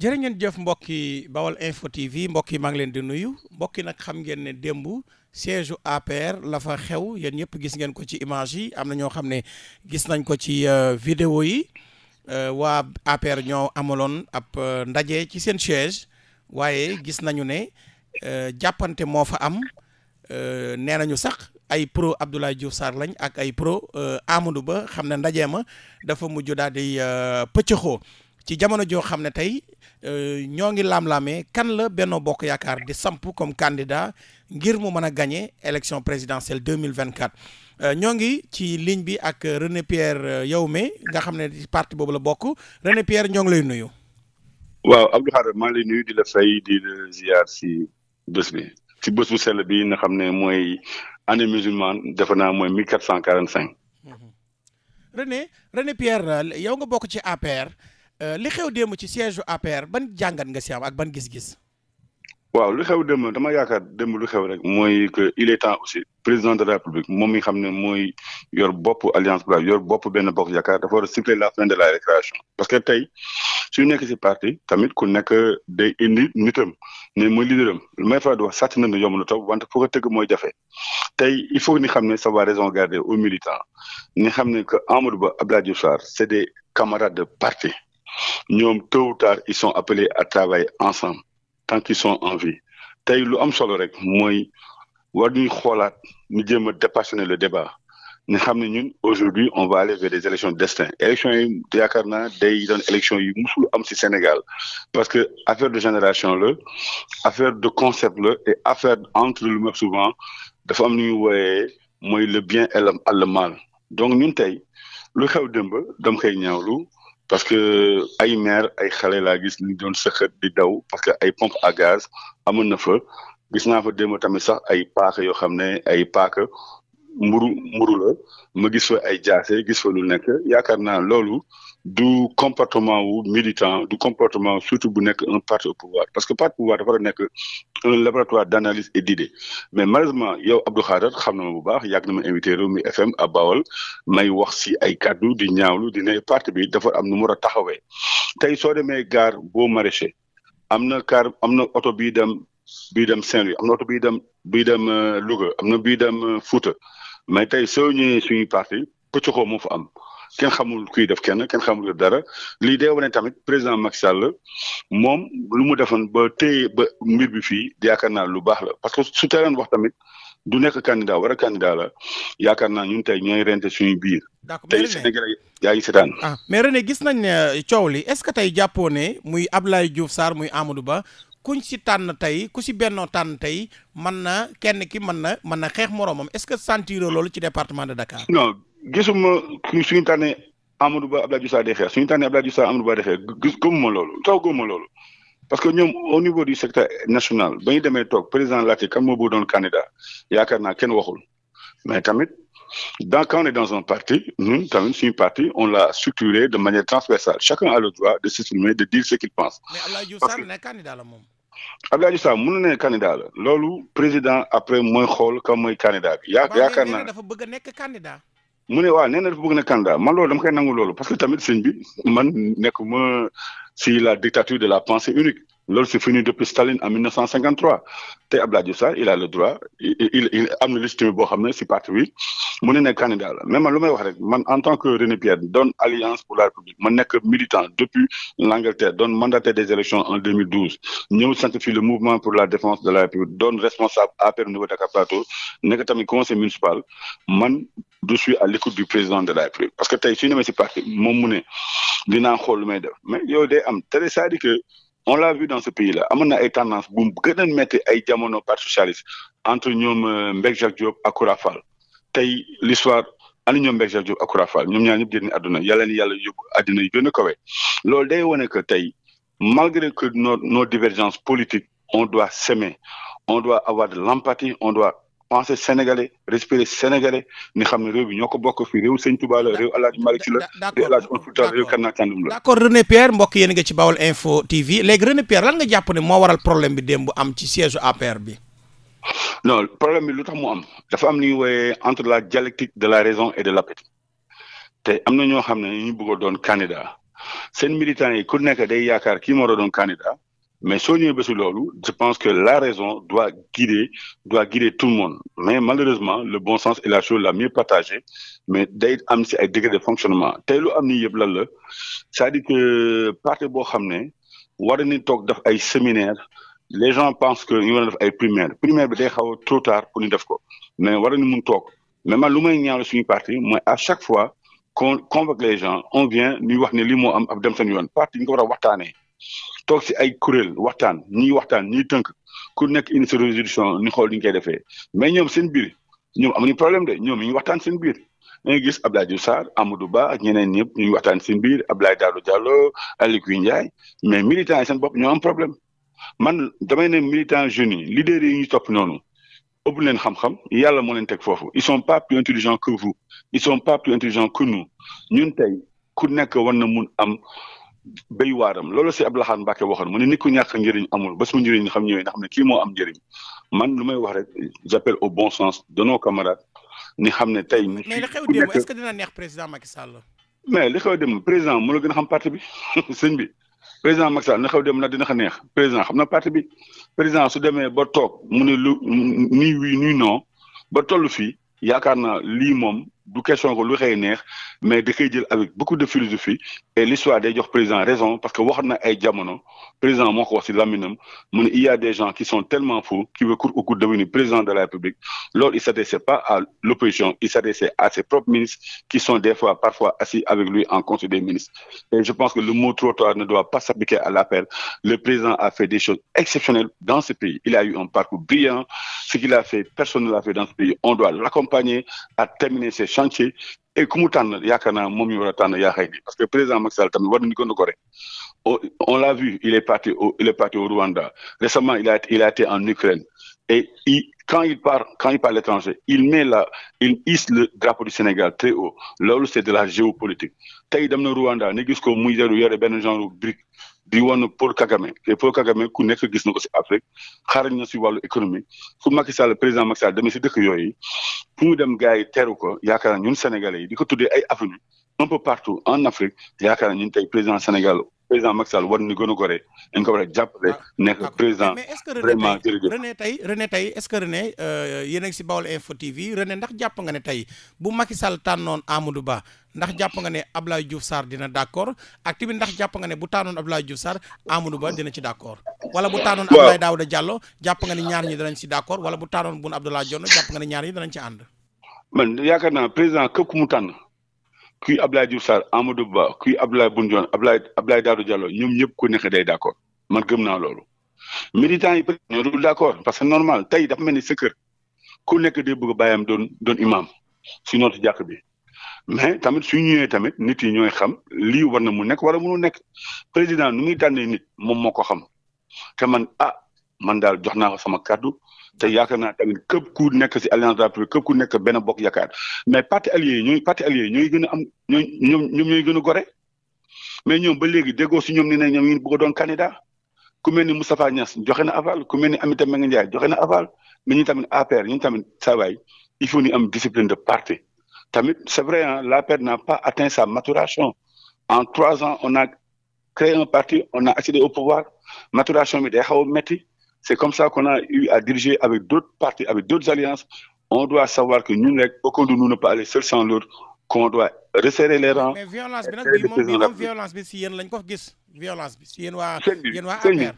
jërë ngeen jëf mbokki Bawal Info TV mbokk yi maa ngi leen di nuyu mbokk yi nag xam ngeen ne démb siège APR la fa xew yéen ñëpp gis ngeen ko ci image yi am na ñoo xam ne gis nañ ko ci euh, vidéo yi euh, waa APR ñoo amaloon ab euh, ndaje ci seen siège waaye gis nañu ne jàppante moo fa am nee nañu sax ay pro Abdoulaye Diouf Sarr lañ ak ay pro Amadou Ba xam ne ndaje ma dafa mujj daal di pëccëxoo ci jamono joo xam ne tey euh, ñoo ngi laam-laamee kan la Benno Bokk Yaakaar di samp comme candidat ngir mu mën a gagné élection présidentielle 2024 euh, ñoo ngi ci ligne bi ak René Pierre euh, Yahoume nga xam ne partie boobu la bokk René Pierre ñoo ngi lay nuyu. waaw Abdou Khadre maa lay nuyu di la fay di la ziar si bés bi si bés bu sell bi nga xam ne mooy année musulmane defe naa mooy 1445. René René Pierre yow nga bokk ci APR. Euh, li xew démb ci siège APR ban jàngat nga si ak ban gis-gis. waaw lu xew démb dama yaakaar démb lu xew rek mooy que il est temps aussi président de la république moom mi xam ne mooy yor bopp alliance bu yor bopp benn bokk yaakaar dafa war a la fin de la récréation parce que tey su nekk si parti tamit ku nekk day indi nitam ne mooy leaderam lu may faral di wax sàcc na ne yomb na topp wante foo ko tëgg mooy jafe tey il faut ni xam ne ça va raison garder aux militants ni xam ne que Amadou Ba Abdoulaye Diouf Sarr c'est des camarades parti ñoom tôt ou tard ils sont appelés à travailler ensemble tant qu'ils sont en vie tey lu am solo rek mooy war ñuy xoolaat ñu jéem a dépassionner le débat ne xam ne ñun aujourd'hui on va aller vers des élections de destin élections yi yaakaar naa day doon élections yi musul am si Sénégal parce que affaire de génération la affaire de concept la et affaire entre lu ma souvent dafa am nu ñu wooyee mooy le bien et le mal donc ñun tey lu xew dëmb dam koy ñaawlu parce que ay maire ay xale laa gis ñu doon di daw parce que ay pompe à gaz amoon na fa gis naa fa démb tamit sax ay paaka yoo xam ne ay paaka mburu mburu la ma gis fa ay jaase gis fa lu nekk yaakaar naa loolu du comportement wu militant du comportement surtout bu nekk un parti au pouvoir parce que parti au pouvoir dafa nekk un laboratoire d' analyse et d' idée mais malheureusement yow Abdou Khadre xam na ma bu baax yàgg na ma invité Rewmi FM a Bawol may wax si ay kàddu di ñaawlu dina ne parti bi dafa am nu a taxawee tey soo demee gar bo maraîcher am na car am na oto bii dem bii dem Saint-Louis am na oto bii dem bii dem euh, Louga am na bii dem euh, Fouta mais tey soo ñëwee suñuy parti pëccoxoo moo fa am kenn xamul kuy def kenn kenn xamul dara lii day wane tamit président Macky Sall moom lu mu defoon ba tey ba mbir bi fii yaakaar naa lu baax la parce que su teeloon wax tamit du nekk candidat wala candidat la yaakaar naa ñun tey ñooy rente suñuy biir. d'accord tey Sénégalais yaa ngi seetaan. ah mais René gis nañ ne euh, coow li est-ce que tey jàppoo ne muy Abdoulaye Diouf Sarr muy Amadou Ba kuñ ci tànn tey ku si bennoo tànn tey mën na kenn ki mën na mën na xeex moroomam est-ce que sentir loolu ci département de Dakar. non gisuma suñu tànnee Amadou Ba Abdoulaye Diouf Sarr day xeex suñu tànnee Abdoulaye Diouf Sarr Amadou Ba day xeex gis gëmuma loolu loolu. parce que ñoom au niveau du secteur national ba ñu demee toog président laajte kan moo doon candidat yaakaar naa kenn waxul mais tamit Donc, quand on est dans un parti, nous, quand même, parti, on l'a structuré de manière transversale. Chacun a le droit de s'exprimer, de dire ce qu'il pense. Mais Abdoulaye Diouf moom. Abdoulaye Diouf Sarr mënu ne candidat la loolu président après mooy xool kan mooy candidat bi. yaa yaakaar naa dafa bëgg a nekk candidat. mu ne waaw nee na na candidat man loolu dama koy nangu loolu parce que tamit sëñ bi man nekk ma si la dictature de la pensée unique. loolu c'est fini depuis Staline en 1953 te Abdoulaye Diouf Sarr il a le droit il am na légitimité boo xam ne si parti bi mu ne nekk candidat la mais man lu may wax rek man en tant que René Pierre doon alliance pour la République ma nekk militant depuis l'Angleterre doon mandataire des élections en 2012 ñëw sant fii le mouvement pour la défense de la République doon responsable APR e niveau Dakar Plateau nekk tamit conseil municipal man je suis à l'écoute du président de la que tey su ñu demee si may def mais yow day am te on l'a vu dans ce pays là amoon na ay tendance bu mu gën a métti ay jamono parti socialiste entre ñoom euh, Mbeg Jacques Diop ak Koura tey l'histoire ani ñoom Mbeg Jacques Diop ak Koura Fall ñoom ñaar ñëpp génn àdduna yàlla ni yàlla yóbbu àddina yu gën a kawe loolu day wane que tey malgré que no nos divergences politiques on doit s'aimer on doit avoir de l'empathie on doit penser sénégalais respirer sénégalais ni xam ne réew bi ñoo ko bokk fii réew Sëñ Tuubaa la réew El Hadj Malick réew El Hadj Oumar Fouta réew Kànnaa Thiandoum la d'accord René Pierre mbokk yéen nga ci Baol Info TV léegi René Pierre lan nga jàpp ne moo waral problème bi démb am ci siège APR bi non problème bi lu tax mu am dafa am lu ñuy wooyee entre la dialectique de la raison et de l'appétit te am na ñoo xam ne ñu bëgg doon candidat seen militants yi ku nekk day yaakaar kii moo doon candidat mais soo ñëwee ba si loolu je pense que la raison doit guider doit guider tout le monde mais malheureusement le bon sens est la chose la mieux partagée mais day am si ay dégré de fonctionnement tey lu am nii yëpp lan la c'est-à-dire que parti boo xam ne war nañu toog def ay séminaire les gens pensent que ñu war a ay primaire primaire bi day xaw a trop tard pour ñu def ko mais war nañu mun toog mais man lu may ñaawle suñu parti mooy à chaque fois qu'on convoque les gens on vient ñuy wax ne lii moo am ab dem seen yoon parti ñu ko waxtaanee toog si ay kuréel waxtaan ñii waxtaan ñii tënk ku nekk indi sa résolution ni xool li ñu koy defee mais ñoom seen biir ñoom amuñu problème de ñoom ñu ngi waxtaan seen biir da ngay gis Abdoulaye Diouf Sarr Amadou Ba ak ñeneen ñëpp ñu ngi waxtaan seen biir Abdoulaye Daouda Diallo Aly Ngouille Ndiaye mais militants seen bopp ñoo am problème man damay ne militant jeunes yi leaders yi ñu topp noonu ëpp leen xam-xam yàlla moo leen teg foofu ils sont pas plus intelligents que vous ils sont pas plus intelligents que nous ñun tey ku nekk war na mun am béy waaram loolu si Abdou Lahad Mbacké waxoon mu ne nit ku ñàkk njëriñ amul ba su njëriñ xam ñëwee nga xam ne kii moo am njëriñ man lu may wax rek j'appelle au bon sens de nos camarades ni xam ne tey. mais li xew démb est-ce que dina neex président Macky Sall. mais li xew démb président mu la gën xam parti bi sëñ bi président Macky Sall li xew démb nag dina ko neex président xam na parti bi président su demee ba toog mu ne lu ni oui nii non ba toll fii yaakaar na lii moom du question lu xëy neex mais da koy jël avec beaucoup de philosophie et l'histoire day président raison parce que wax na ay jamono président moo ko wax ci laminam mu ne il y a des gens qui sont tellement fous qui veulent court ou court devenir président de la République loolu il s'adressait pas à l'opposition il s'adressait à ses propres ministres qui sont des fois parfois assis avec lui en conseil des ministres et je pense que le mot trottoir ne doit pas s'appliquer à l'appel le président a fait des choses exceptionnelles ne l'a fait dans ce pays on doit l'accompagner à terminer ses et ku mu tànn yaakaar naa moom ñu war a tànn yaa xëy parce que président Macky tamit war nañu ko on l'a vu, il est parti au, il parti au Rwanda. Récemment, il a, il été en Ukraine. Et il, quand il part, quand il part l'étranger, il met la, il hisse le drapeau du Sénégal très haut. Loolu c'est de la géopolitique. Tey dem na Rwanda ne gis ko muy yaru yore benn genre brique di woon Paul Kagame te Paul Kagame ku nekk gis na ko si Afrique xarañ na si wàllu économique fu Macky Sall président Macky Sall si dëkk yooyu fu mu dem gars yi teeru ko yaakaar ñun Sénégalais yi di ko tuddee ay avenue un partout en Afrique yaakaar ñun tey président Sénégal président Macky Sall war ni gën a gore dañ ko war a jàppale ah, nekk président René tey René tey est que René euh, yéen a ngi si Info TV René ndax jàpp nga ne tey bu Macky tànnoon Amadou ndax jàpp nga ne Abdoulaye Diouf Sarr dina d'accord ak tamit ndax jàpp nga ne bu tànnoon Abdoulaye Diouf Sarr Amadou dina ci d'accord wala bu tànnoon Abdoulaye Daouda Diallo jàpp nga ne ñaar ñi danañ si d'accord wala bu tànnoon Boun Abdallah Dionne jàpp nga ne ñaar ñi danañ ci ànd man yaakaar président képp ku kuy Ablaye Diouf Sarr Amadou Ba kuy Ablaye Boundione Ablaye Ablaye Daouda ñoom ñëpp ku nekk day d' accord man gëm naa loolu. yi peut être ñoo dul parce que normal tey dafa mel ni sa kër ku nekk day bëgg a bàyyam doon doon imam si nootu jàkk bi mais tamit su ñëwee tamit nit yi ñooy xam lii war na mu nekk war a mënu nekk président nu muy tànnee nit moom moo ko xam te ah. man daal jox naa ko sama kàddu te yaakaar naa tamit képp ku nekk si alliance de ku nekk benn bokk yaakaar mais parti alliés yi ñooy parti alliés yi ñooy gën am ñooy ñoom ñoom ñooy gën a gore mais ñoom ba léegi déggoo si ñoom ni ne ñoom ñu bëgg a doon candidat ku mel ni Moustapha Niass joxe aval ku mel ni Aminata Mbengue joxe na aval mais ñun tamit APR ñun tamit saa waay il faut ñu am discipline de parti tamit c'est vrai la l'APR n'a pas atteint sa maturation en trois ans on na créé un parti on a accédé au pouvoir maturation bi day xaw a métti C'est comme ça qu'on a eu à diriger avec d'autres partis, avec d'autres alliances. On doit savoir que ñun rek aucun de nous ne peut seul sans l'autre, qu'on doit resserrer les rangs. mais violence bi nag bii moom si yéen lañ ko gis violence bi si yéen waa. yéen waa affaire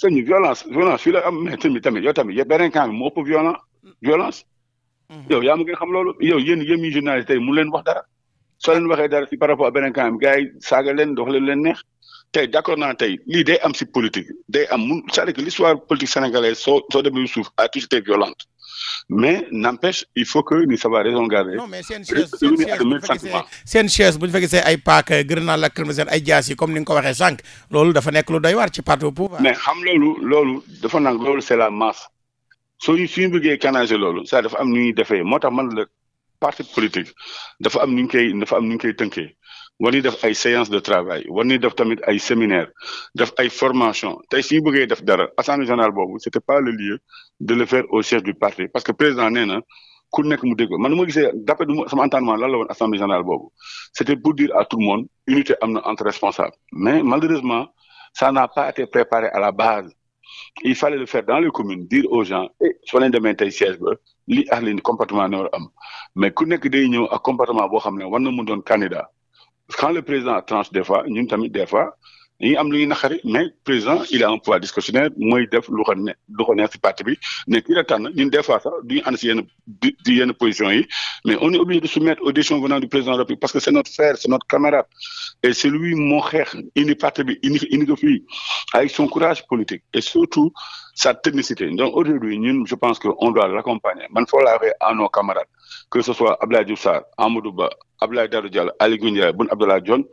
sëñ bi violence violence fii la am mais tamit tamit yow tamit beneen camp bi moo ëpp violence violence. Mm-hmm. yow yaa ma gën xam loolu yow yéen yéen ñi journaliste tey mu leen wax dara soo leen waxee dara si par rapport ak beneen camp saaga leen dox leen leen neex. tey d'accord naa tey lii dey am si politique day am mun c'est-à-dire que l'histoire politique sénégalaise soo soo suuf a toujours été violente mais n'empêche il faut que ñu savoir raison garder. mais seen chaise seen chaise bu ñu pak gisee ay paaka grenade lacrymogène ay jaas yi comme ni nga ko waxee sànq loolu dafa nekk lu doy waar ci parti au pouvoir. mais xam loolu loolu dafa nag loolu c'est la masse soo ñu suñu bëggee canaliser loolu ça dafa am nu ñuy defee moo tax man la parti politique dafa am nu ñu koy dafa am nu ñu koy tënkee war nañ def ay séance de travail war nañ def tamit ay séminaire def ay formation te si bëggee def dara assemblée générale boobu c'était pas le lieu de le faire au siège du parti parce que président nee na ku nekk mu dégg man nu ma gisee d'après sama entendement lan la woon assemblée générale boobu c'était pour dire à tout le monde unité am na entre responsable mais malheureusement ça n'a pas été préparé à la base il fallait le faire dans les communes dire aux gens eh soo leen demee li ah li comportement ne war am mais ku nekk day ñëw ak comportement boo xam ne war na mu doon candidat quand le président tranche des fois ñun tamit des fois dañuy am lu ñuy naqari mais président il a un pouvoir discrétionnaire mooy def lu ko ne lu ko neex si parti bi ne kii la tànn ñun des fois sax du ñu ànd si yenn di yi mais on est obligé de soumettre aux décisions venant du président de parce que c'est notre frère c'est notre camarade et c'est lui moo xeex indi parti bi indi indi ko fii avec son courage politique sa technicité donc aujourd'hui ñun je pense que on doit l'accompagner man foo laa waxee à nos camarades que ce soit Abdoulaye Diouf Sarr Amadou Ba Abdoulaye Daouda Diallo Ali Ngouille Ndiaye Boun Abdallah Dionne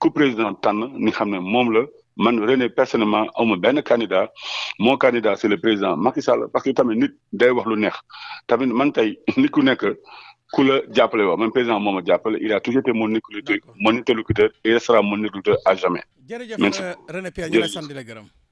ku président tànn ni xam ne moom la man René personnellement amul benn candidat mon candidat c'est le président Macky Sall parce que tamit nit day wax lu neex tamit man tey nit ku nekk ku la jàppale waaw man président moom a jàppale il a toujours été mon interlocuteur mon interlocuteur euh, gërëm.